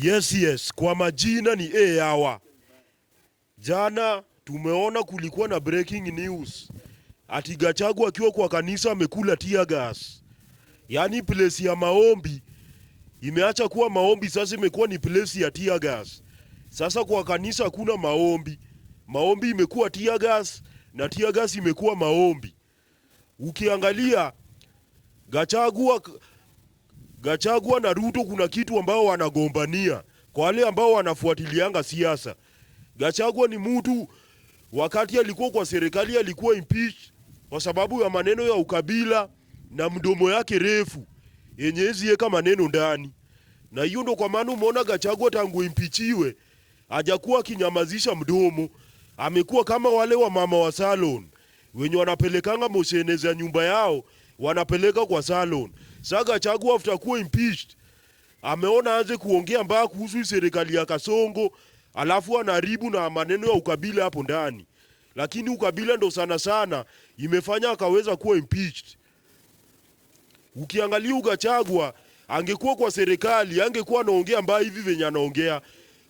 Yes, yes, kwa majina ni e hawa. Jana tumeona kulikuwa na breaking news ati Gachagua akiwa kwa kanisa amekula tear gas. Yaani place ya maombi imeacha kuwa maombi, sasa imekuwa ni place ya tear gas. Sasa kwa kanisa kuna maombi, maombi imekuwa tear gas na tear gas imekuwa maombi. Ukiangalia Gachagua Gachagua na Ruto kuna kitu ambao wanagombania. Kwa wale ambao wanafuatilianga siasa, Gachagua ni mtu wakati alikuwa kwa serikali alikuwa impeach kwa sababu ya maneno ya ukabila na mdomo yake refu yenye ezieka maneno ndani, na hiyo ndo kwa maana umeona Gachagua tangu impichiwe hajakuwa akinyamazisha mdomo. Amekuwa kama wale wa mama wa salon wenye wanapelekanga mosheneza nyumba yao wanapeleka kwa salon. Saga chagu Chagua kuwa impeached. Ameona anze kuongea mbaya kuhusu serikali ya Kasongo, alafu anaribu na maneno ya ukabila hapo ndani. Lakini ukabila ndo sana sana imefanya akaweza kuwa impeached. Ukiangalia Ugachagua angekuwa kwa serikali, angekuwa anaongea mbaya hivi venye anaongea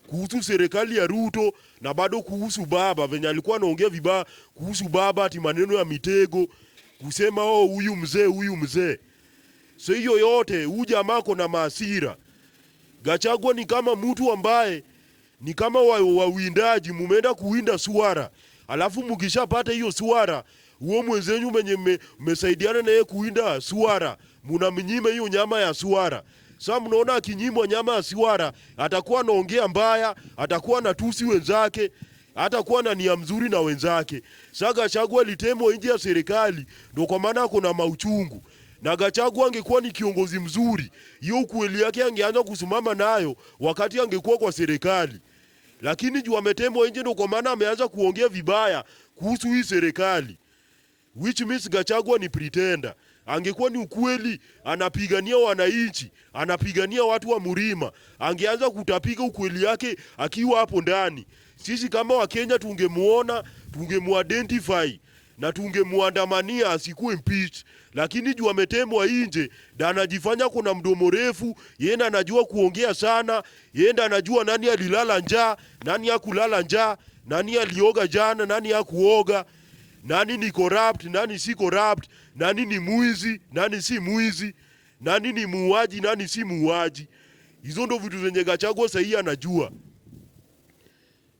kuhusu serikali ya Ruto na bado kuhusu baba venye alikuwa anaongea vibaya kuhusu baba, ati maneno ya mitego, kusema oh, huyu mzee huyu mzee si hiyo yote, huyu jamaa na maasira. Gachagua ni kama mtu ambaye ni kama wawindaji wa mumeenda kuwinda suara, alafu mkishapata hiyo suara, huo mwenzenyu mwenye mmesaidiana me, naye kuwinda suara, mnamnyima hiyo nyama ya suara. Sasa mnaona akinyimwa nyama ya suara, atakuwa anaongea mbaya, atakuwa na tusi wenzake, hatakuwa na nia mzuri na wenzake. Sasa Gachagua litemwa nje ya serikali, ndio kwa maana kuna mauchungu na Gachagua angekuwa ni kiongozi mzuri, hiyo ukweli yake angeanza kusimama nayo wakati angekuwa kwa serikali, lakini juu ametemwa nje, ndio kwa maana ameanza kuongea vibaya kuhusu hii serikali, which means Gachagua ni pretender. Angekuwa ni ukweli, anapigania wananchi, anapigania watu wa Murima, angeanza kutapika ukweli yake akiwa hapo ndani. Sisi kama Wakenya tungemuona, tungemuidentify na tungemwandamania asikuwe mpich, lakini juu ametemwa nje na anajifanya kuna mdomo refu, yenda anajua kuongea sana, yenda anajua nani alilala njaa, nani akulala njaa, nani alioga jana, nani akuoga, nani ni corrupt, nani si corrupt, nani ni mwizi, nani si mwizi, nani ni muuaji, nani si muuaji. Hizo ndo vitu zenye Gachagua sahii anajua,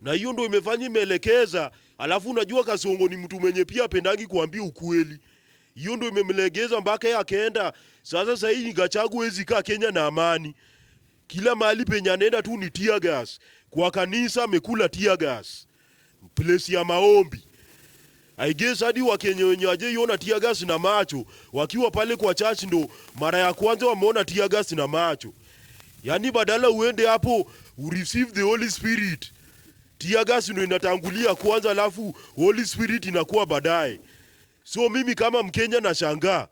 na hiyo ndo imefanya imeelekeza Alafu unajua Kasongo ni mtu mwenye pia apendangi kuambia ukweli. Hiyo ndio imemlegeza mpaka yeye akaenda. Sasa sasa hii Gachagua hawezi kaa Kenya na amani. Kila mahali penye anaenda tu ni tear gas. Kwa kanisa amekula tear gas. Place ya maombi. I guess hadi wa Kenya wenye waje yona tear gas na macho wakiwa pale kwa church ndo mara ya kwanza wameona tear gas na macho. Yaani badala uende hapo, u receive the Holy Spirit gas ndio inatangulia kwanza, alafu Holy Spirit inakuwa baadaye. So mimi kama Mkenya nashangaa,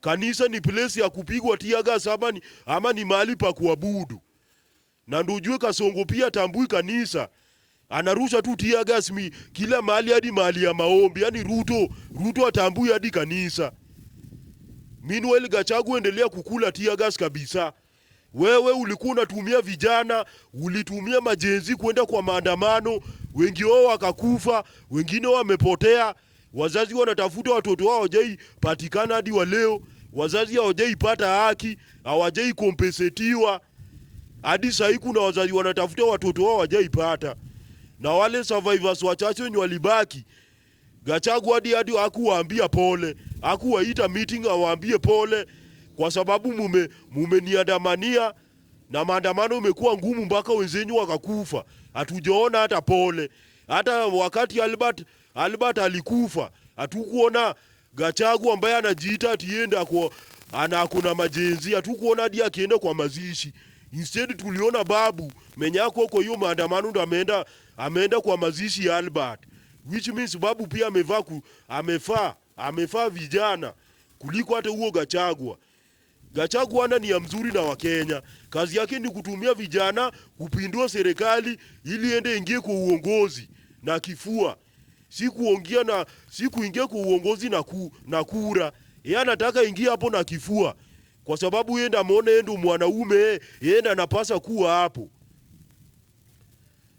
kanisa ni place ya kupigwa gas ama ni, ama ni mahali pa kuabudu? Na ndio ujue Kasongo pia tambui kanisa anarusha tu gas mi kila mahali hadi mahali ya maombi. Yani Ruto Ruto atambui hadi kanisa. Meanwhile Gachagua endelea kukula gas kabisa. Wewe ulikuwa unatumia vijana, ulitumia majenzi kwenda kwa maandamano, wengi wao wakakufa, wengine wamepotea. Wazazi wanatafuta watoto wao patikana hadi wa leo, wazazi pata haki, kompensetiwa hadi sasa. Kuna wazazi wanatafuta watoto wao pata, na wale survivors wachache wenye walibaki Gachagua hadi hadi hakuwaambia pole, hakuwaita meeting awaambie pole kwa sababu mume mumeniandamania na maandamano imekuwa ngumu mpaka wenzenyu wakakufa, hatujaona hata pole. Hata wakati Albert Albert alikufa hatukuona Gachagu ambaye anajiita atienda kwa ana kuna majenzi, hatukuona dia akienda kwa mazishi. Instead tuliona babu menyako kwa hiyo maandamano ndo ameenda ameenda kwa mazishi ya Albert, which means babu pia amevaa amefaa amefaa vijana kuliko hata huo Gachagua. Gachagua ni ya mzuri na Wakenya. Kazi yake ni kutumia vijana kupindua serikali ili ende ingie kwa uongozi na kifua, si kuongea na si kuingia kwa uongozi na, ku, na kura. Yeye anataka ingie hapo na kifua, kwa sababu yeye ndio ameona yeye ndio mwanaume, yeye ndio anapaswa kuwa hapo.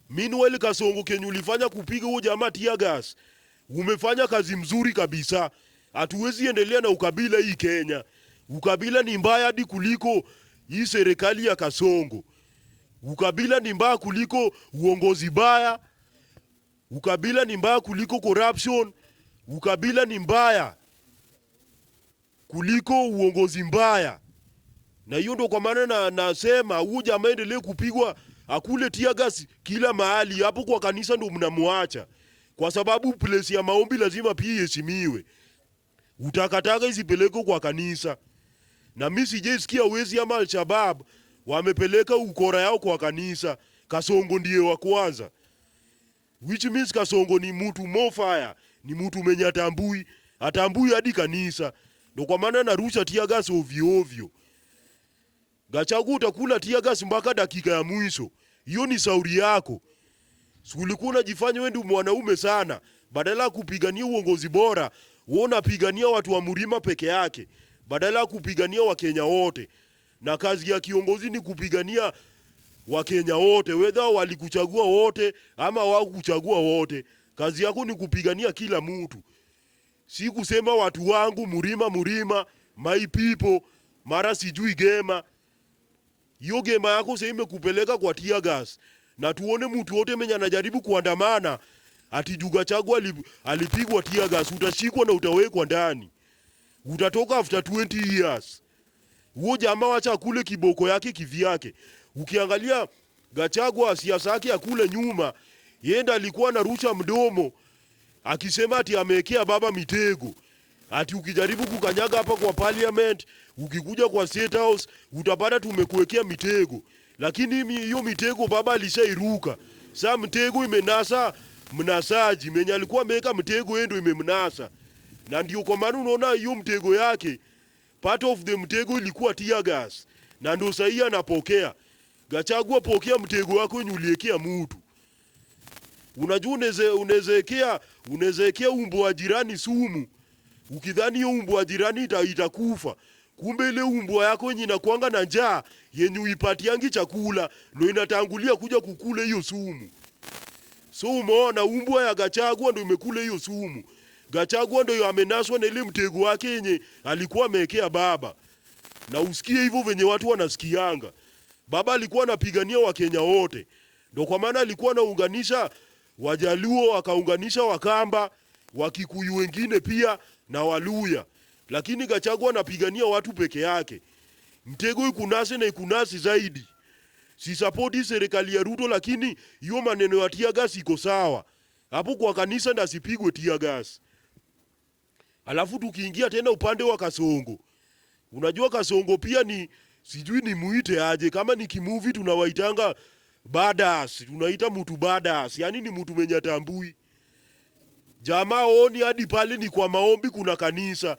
Meanwhile, Kasongo Kenya ulifanya kupiga huo jamaa tia gas, umefanya kazi mzuri kabisa. Hatuwezi endelea na ukabila hii Kenya. Ukabila ni mbaya hadi kuliko hii serikali ya Kasongo. Ukabila ni mbaya kuliko uongozi baya. Ukabila ni mbaya kuliko corruption. Ukabila ni mbaya kuliko uongozi mbaya, na hiyo ndio kwa maana na nasema huyu jamaa endelee kupigwa, akule tia gas kila mahali. Hapo kwa kanisa ndio mnamwacha, kwa sababu place ya maombi lazima pia iheshimiwe. Utakataka isipelekwe kwa kanisa. Na mimi sijaisikia wezi ama Alshabab wamepeleka ukora yao kwa kanisa. Kasongo ndiye wa kwanza, which means Kasongo ni mtu mofaya, ni mtu mwenye atambui atambui hadi kanisa. ndo kwa maana narusha tia gas ovyo ovyo. Gachagua utakula tia gas mpaka dakika ya mwisho. Hiyo ni sauri yako. Sikulikuwa unajifanya wewe ndio mwanaume sana, badala ya kupigania uongozi bora, wewe unapigania watu wa mlima peke yake badala ya kupigania Wakenya wote, na kazi ya kiongozi ni kupigania Wakenya wote, wedha walikuchagua wote ama wakuchagua wote. Kazi yako ni kupigania kila mtu, si kusema watu wangu, murima murima, my people, mara sijui gema. Hiyo gema yako sasa imekupeleka kwa tear gas, na tuone mtu wote mwenye anajaribu kuandamana ati Juga Chagwa alipigwa tear gas, utashikwa na utawekwa ndani utatoka after 20 years. Huo jamaa wacha kule kiboko yake kivi yake. Ukiangalia Gachagua siasa yake ya kule nyuma, yenda alikuwa na anarusha mdomo akisema ati amekea baba mitego ati ukijaribu kukanyaga hapa kwa parliament, ukikuja kwa state house utapata tumekuwekea mitego. Lakini hiyo mitego baba alishairuka. Sasa mtego imenasa mnasaji, mwenye alikuwa ameweka mtego yendo imemnasa na ndio kwa maana unaona hiyo mtego yake, part of the mtego ilikuwa tear gas, na ndio sahihi anapokea Gachagua. Pokea mtego wako wenye uliekea mtu. Unajua unawezaekea unawezaekea umbo wa jirani sumu, ukidhani hiyo umbo wa jirani ita, itakufa kumbe ile umbwa yako yenye inakuanga na njaa yenye uipatiangi chakula ndio inatangulia kuja kukula hiyo sumu. So umeona umbwa ya Gachagua ndio imekula hiyo sumu. Gachagua ndio amenaswa na ile mtego wake yenye alikuwa amekea baba. Na usikie hivyo venye watu wanasikianga. Baba alikuwa anapigania Wakenya wote. Ndio kwa maana alikuwa anaunganisha Wajaluo akaunganisha Wakamba, Wakikuyu wengine pia na Waluya. Lakini Gachagua anapigania watu peke yake. Mtego ikunasi na ikunasi zaidi. Si support serikali ya Ruto, lakini hiyo maneno ya tia gas iko sawa. Hapo kwa kanisa ndasipigwe asipigwe tia gas. Alafu tukiingia tena upande wa Kasongo, unajua Kasongo pia ni sijui ni muite aje, kama ni kimuvi tunawaitanga badas, tunaita mtu badas, yani ni mtu mwenye tambui jamaa oni hadi pale ni kwa maombi, kuna kanisa,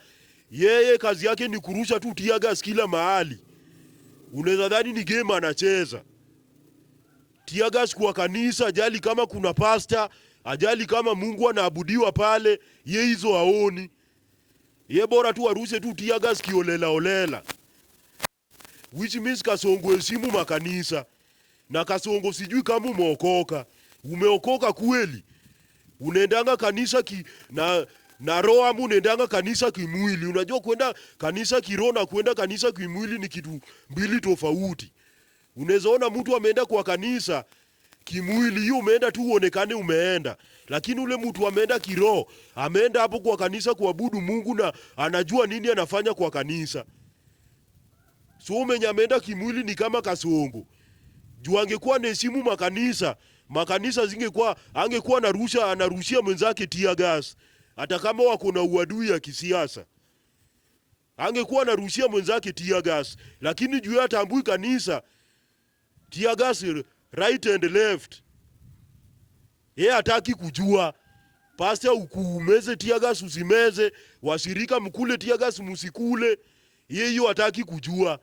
yeye kazi yake ni kurusha tu tear kila mahali. Unaweza dhani ni game anacheza tear kwa kanisa, ajali kama kuna pasta, ajali kama Mungu anaabudiwa pale, ye hizo haoni. Ye bora tu waruse tu tia gas kiolela olela. Which means kasongo esimu makanisa. Na kasongo sijui kama umeokoka. Umeokoka kweli? Unaendanga kanisa ki na na roho ama unaendanga kanisa kimwili? Unajua kwenda kanisa kiroho na kwenda kanisa kimwili ni kitu mbili tofauti. Unaweza ona mtu ameenda kwa kanisa Kimwili hiyo umeenda tu uonekane umeenda, lakini ule mtu ameenda kiroho, ameenda hapo kwa kanisa kuabudu Mungu na anajua nini anafanya kwa kanisa. So umenye ameenda kimwili ni kama kasongo juu. Angekuwa nesimu makanisa makanisa zingekuwa, angekuwa anarusha anarushia mwenzake tia gas, hata kama wako na uadui ya kisiasa angekuwa anarushia mwenzake tia gas, lakini juu atambui kanisa tia gas right and left. Yeye hataki kujua. Pasta ukuumeze tiagas usimeze, washirika mkule tiagas musikule. Yeye hiyo hataki kujua.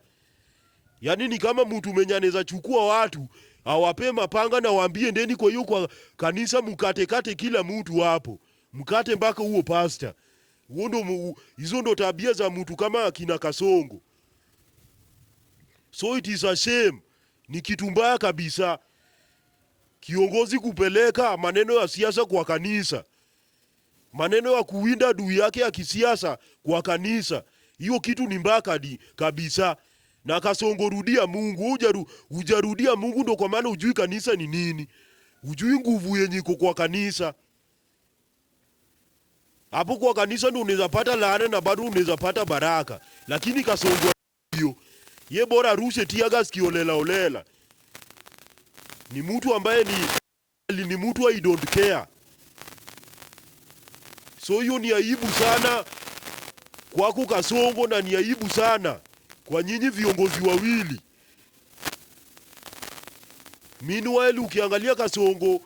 Yaani ni kama mtu mwenye anaweza chukua watu awape mapanga na waambie ndeni kwa hiyo kwa kanisa mkate kate kila mtu hapo. Mkate mpaka huo pasta. Huo ndo hizo ndo tabia za mtu kama akina Kasongo. So it is a shame ni kitu mbaya kabisa, kiongozi kupeleka maneno ya siasa kwa kanisa, maneno ya kuwinda adui yake ya kisiasa kwa kanisa. Hiyo kitu ni mbaya kabisa na kasongorudia Mungu ujaru, ujarudia Mungu, ndo kwa maana ujui kanisa ni nini, ujui nguvu yenye iko kwa kanisa. Hapo kwa kanisa ndo unaweza pata laana na bado unaweza pata baraka, lakini kasongo hiyo Ye bora rushe teargas kiolela olela. Ni mtu ambaye ni ni mtu I don't care. So hiyo ni aibu sana kwako Kasongo, na ni aibu sana kwa nyinyi viongozi wawili. Meanwhile ukiangalia Kasongo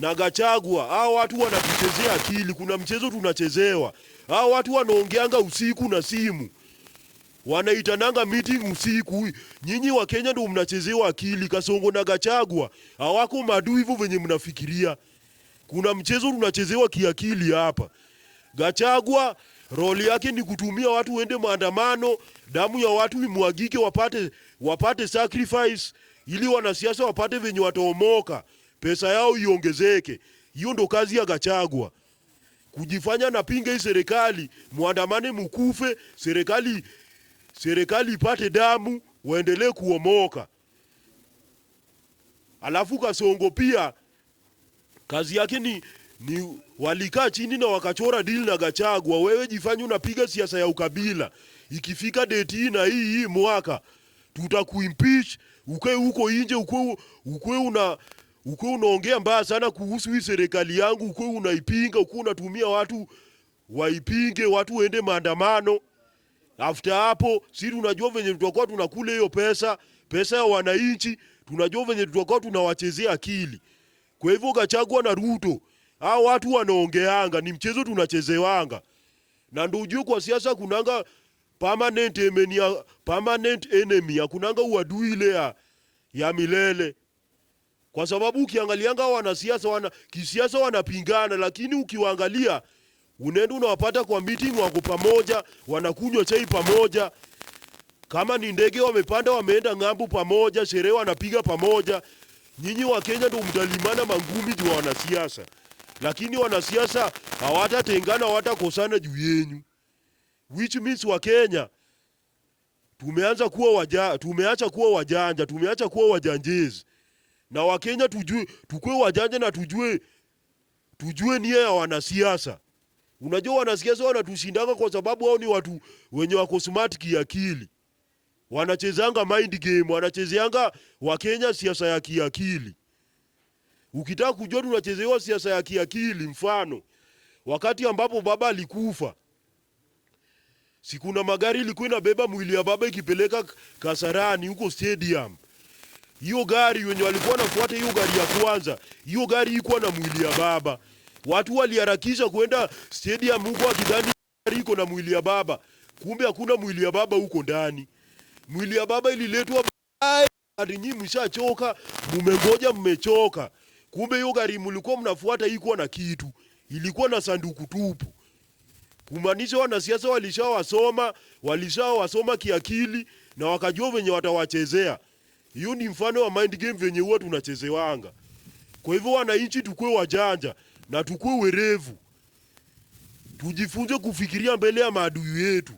na Gachagua, hao watu wanatuchezea akili. Kuna mchezo tunachezewa. Hao watu wanaongeanga usiku na simu wanaitananga meeting usiku. Nyinyi wa Kenya ndio mnachezewa akili. Kasongo na Gachagua hawako maadui hivyo venye mnafikiria. Kuna mchezo unachezewa kiakili hapa. Gachagua roli yake ni kutumia watu wende maandamano, damu ya watu imwagike, wapate wapate sacrifice ili wanasiasa wapate venye wataomoka, pesa yao iongezeke. Hiyo ndo kazi ya Gachagua, kujifanya napinga hii serikali, mwandamane, mukufe serikali serikali ipate damu, waendelee kuomoka. Alafu Kasongo pia kazi yake ni, ni walikaa chini na wakachora dili na Gachagua, wewe jifanye unapiga siasa ya ukabila, ikifika date hii na hii hii mwaka tutakuimpeach, ukae huko nje, ukwe una ukwe unaongea mbaya sana kuhusu hii serikali yangu, ukwe unaipinga, ukwe unatumia watu waipinge, watu waende maandamano. After hapo sisi tunajua venye tutakuwa tunakula hiyo pesa, pesa ya wananchi, tunajua venye tutakuwa tunawachezea akili. Kwa hivyo Gachagua na Ruto, hao watu wanaongeanga, ni mchezo tunachezewanga. Na ndio ujue kwa siasa kunanga permanent enemy, permanent enemy, kunanga uadui ile ya, ya milele. Kwa sababu ukiangalianga wanasiasa wana kisiasa wanapingana, lakini ukiwaangalia Unaenda unawapata kwa meeting, wako pamoja, wanakunywa chai pamoja. Kama ni ndege wamepanda, wameenda ng'ambu pamoja, sherehe wanapiga pamoja. Nyinyi wa Kenya ndio mtalimana mangumi juu wanasiasa, lakini wanasiasa hawatatengana, hawatakosana juu yenu, which means wa Kenya tumeanza kuwa waja, tumeacha kuwa wajanja, tumeacha kuwa wajanjezi, na Wakenya tujue, tukue wajanja na tujue, tujue nia ya wanasiasa. Unajua wanasikia sasa wanatushindanga kwa sababu wao ni watu wenye wako smart kiakili. Wanachezanga mind game, wanachezeanga wa Kenya siasa ya kiakili. Ukitaka kujua tunachezewa siasa ya kiakili, mfano wakati ambapo baba alikufa, si kuna magari ilikuwa inabeba mwili ya baba ikipeleka Kasarani huko stadium. Hiyo gari wenye walikuwa wanafuata hiyo gari ya kwanza, hiyo gari ilikuwa na mwili ya baba. Watu waliharakisha kwenda stadium huko akidhani iko na mwili ya baba, kumbe hakuna mwili ya baba huko ndani. Mwili ya baba ililetwa baadaye, hadi nyinyi mshachoka, mmengoja, mmechoka. Kumbe hiyo gari mlikuwa mnafuata iko na kitu, ilikuwa na sanduku tupu. Kumaanisha wanasiasa walishawasoma, walishawasoma kiakili na wakajua venye watawachezea. Hiyo ni mfano wa mind game venye huwa tunachezewanga. Kwa hivyo wananchi, tukue wajanja na tukue werevu, tujifunze kufikiria mbele ya maadui yetu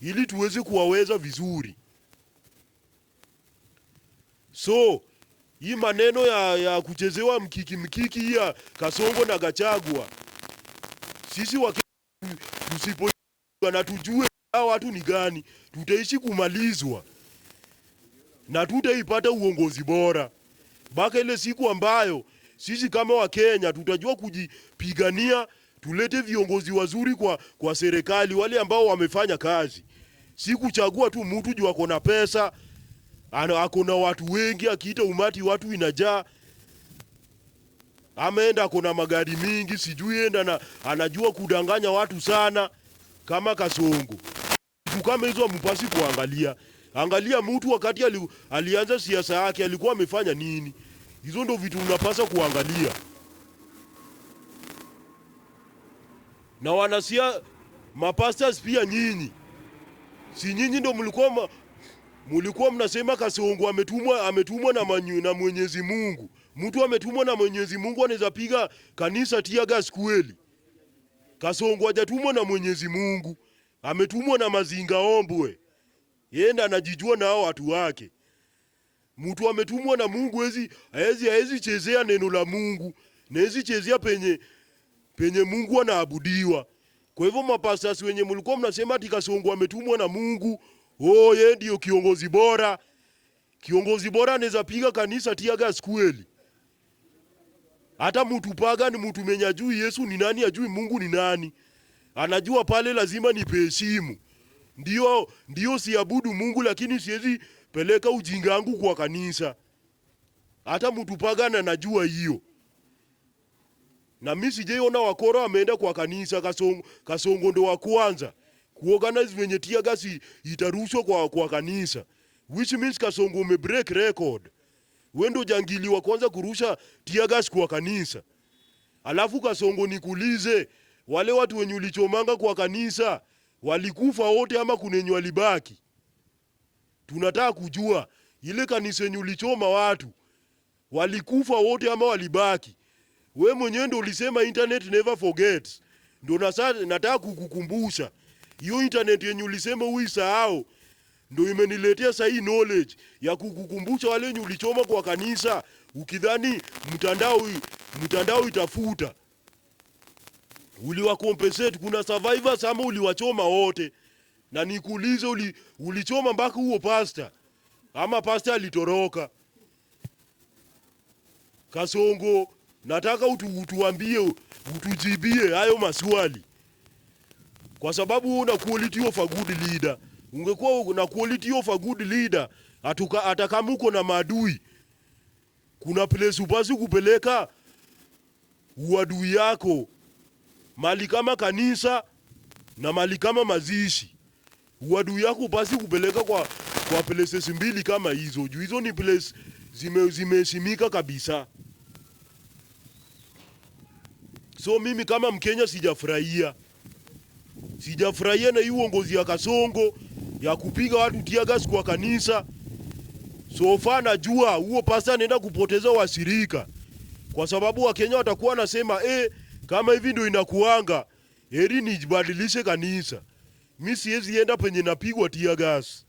ili tuweze kuwaweza vizuri. So hii maneno ya, ya kuchezewa mkiki mkiki ya Kasongo na Gachagua, sisi wa tusipo na tujue hao watu ni gani, tutaishi kumalizwa na tutaipata uongozi bora mpaka ile siku ambayo sisi kama Wakenya tutajua kujipigania, tulete viongozi wazuri kwa, kwa serikali, wale ambao wamefanya kazi, si kuchagua tu mtu juu ako na pesa, ako na watu wengi, akiita umati watu inajaa ameenda kuna magari mingi sijui enda na, anajua kudanganya watu sana kama Kasongo. Kama hizo mpasi kuangalia, angalia mtu wakati ali, alianza siasa yake alikuwa amefanya nini? Hizo ndo vitu mnapaswa kuangalia. Na wanasia mapastors pia nyinyi, si nyinyi ndo mlikuwa ma, mlikuwa mnasema Kasongo ametumwa ametumwa na, manyu, na Mwenyezi Mungu. Mtu ametumwa na Mwenyezi Mungu anaweza piga kanisa tia gas kweli? Kasongo hajatumwa na Mwenyezi Mungu, ametumwa na Mazinga Ombwe. Yenda anajijua nao watu wake. Mtu ametumwa na Mungu hezi hezi hezi chezea neno la Mungu. Na hezi chezea penye penye Mungu anaabudiwa. Kwa hivyo mapastors wenye mlikuwa mnasema ati Kasongo ametumwa na Mungu, oh, ye ndio kiongozi bora. Kiongozi bora anaweza piga kanisa tiaga skweli. Hata mtu paga ni mtu mwenye ajui Yesu ni nani, ajui Mungu ni nani. Anajua pale lazima nipeheshimu. Ndio, ndio siabudu Mungu lakini siwezi peleka ujinga wangu kwa kanisa. Hata mtu pagana najua hiyo. Na mimi sijaiona wakora ameenda kwa kanisa kasongo, kasongo ndo wa kwanza Kuogana venye tia gasi itarushwa kwa, kwa kanisa which means kasongo ume break record. Wewe ndo jangili wa kwanza kurusha tia gasi kwa kanisa. Alafu kasongo, nikuulize wale watu wenye ulichomanga kwa kanisa walikufa wote ama kuna wenye walibaki? tunataka kujua ile kanisa yenye ulichoma watu walikufa wote ama walibaki? We mwenyewe ndo ulisema internet never forgets. Ndio nataka kukukumbusha hiyo internet yenye ulisema uisahau ndio imeniletea sahi knowledge ya kukukumbusha wale wenye ulichoma kwa kanisa, ukidhani mtandao mtandao itafuta. Uliwakompensate, kuna survivors ama uliwachoma wote? na nikuulize, uli, ulichoma mpaka huo pasta ama pasta alitoroka? Kasongo, nataka utu, utuambie utujibie hayo maswali, kwa sababu una quality of a good leader. Ungekuwa na quality of a good leader, atuka atakamuko na maadui, kuna place upasi kupeleka uadui yako, mali kama kanisa na mali kama mazishi. Wadui yako basi kupeleka kwa, kwa places mbili kama hizo juu hizo ni place zimeheshimika zime kabisa. So mimi kama Mkenya sijafurahia, sijafurahia na hii uongozi ya Kasongo ya kupiga watu tia gas kwa kanisa. So far najua huo pasta anaenda kupoteza washirika, kwa sababu Wakenya watakuwa nasema eh, kama hivi ndio inakuanga, heri nijibadilishe kanisa mi siwezi enda penye napigwa tia gas.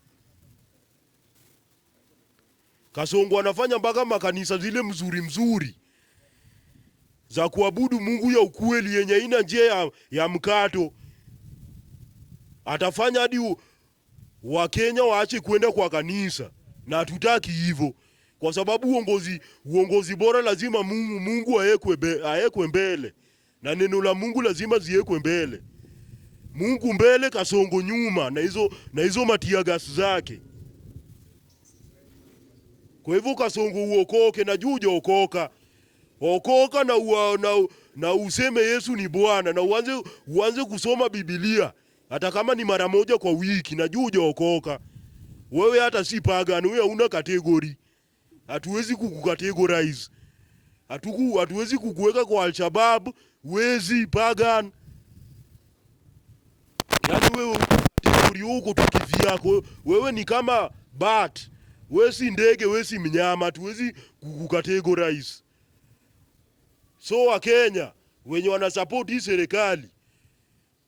Kasongo anafanya mpaka makanisa zile mzuri mzuri za kuabudu Mungu ya ukweli yenye ina njia ya, ya mkato. Atafanya hadi Wakenya waache kwenda kwa kanisa, na hatutaki hivyo, kwa sababu uongozi, uongozi bora lazima Mungu, Mungu aekwe mbele na neno la Mungu lazima ziekwe mbele. Mungu mbele, kasongo nyuma, na hizo na hizo matia gas zake. Kwa hivyo kasongo uokoke na juja okoka, okoka na, ua, na, na useme Yesu ni Bwana na uanze, uanze kusoma Biblia hata kama ni mara moja kwa wiki, na juja okoka. Wewe hata si pagani, wewe una kategori, hatuwezi kukukategorize, hatuku hatuwezi kukuweka kwa Alshabab, wezi pagan Yaani wewe uli huko tu kivyako. Wewe ni kama bat. Wewe si ndege, wewe si mnyama, tuwezi kukategorize. So wa Kenya wenye wana support hii serikali,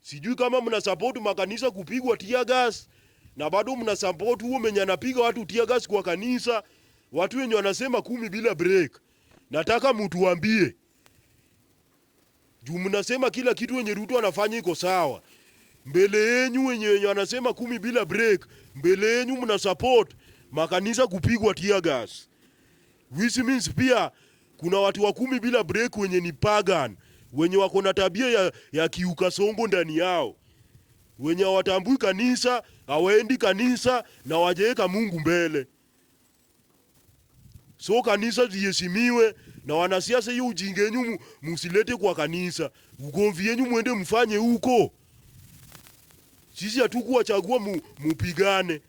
sijui kama mna support makanisa kupigwa tear gas na bado mna support huo mwenye anapiga watu tear gas kwa kanisa, watu wenye wanasema kumi bila break. Nataka mtuambie juu mnasema kila kitu wenye Ruto anafanya iko sawa mbele yenyu wenye wenye wanasema kumi bila break, mbele yenyu mna support makanisa kupigwa tear gas, which means pia kuna watu wa kumi bila break wenye ni pagan, wenye wako na tabia ya, ya kiuka songo ndani yao, wenye hawatambui kanisa, hawaendi kanisa na wajeeka Mungu mbele. So kanisa ziheshimiwe na wanasiasa, hiyo ujinge ujingenyu msilete kwa kanisa, ugomvi yenyu mwende mfanye huko. Sisi hatukuwachagua mupigane,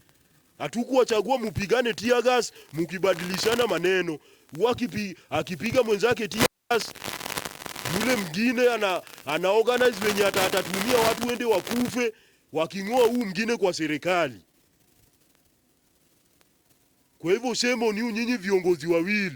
hatukuwachagua mupigane tear gas, mukibadilishana maneno. Wakipi akipiga mwenzake tear gas, yule mgine ana, ana organize wenye atatumia watu wende wakufe, waking'oa huu mgine kwa serikali. Kwa hivyo semo ni nyinyi viongozi wawili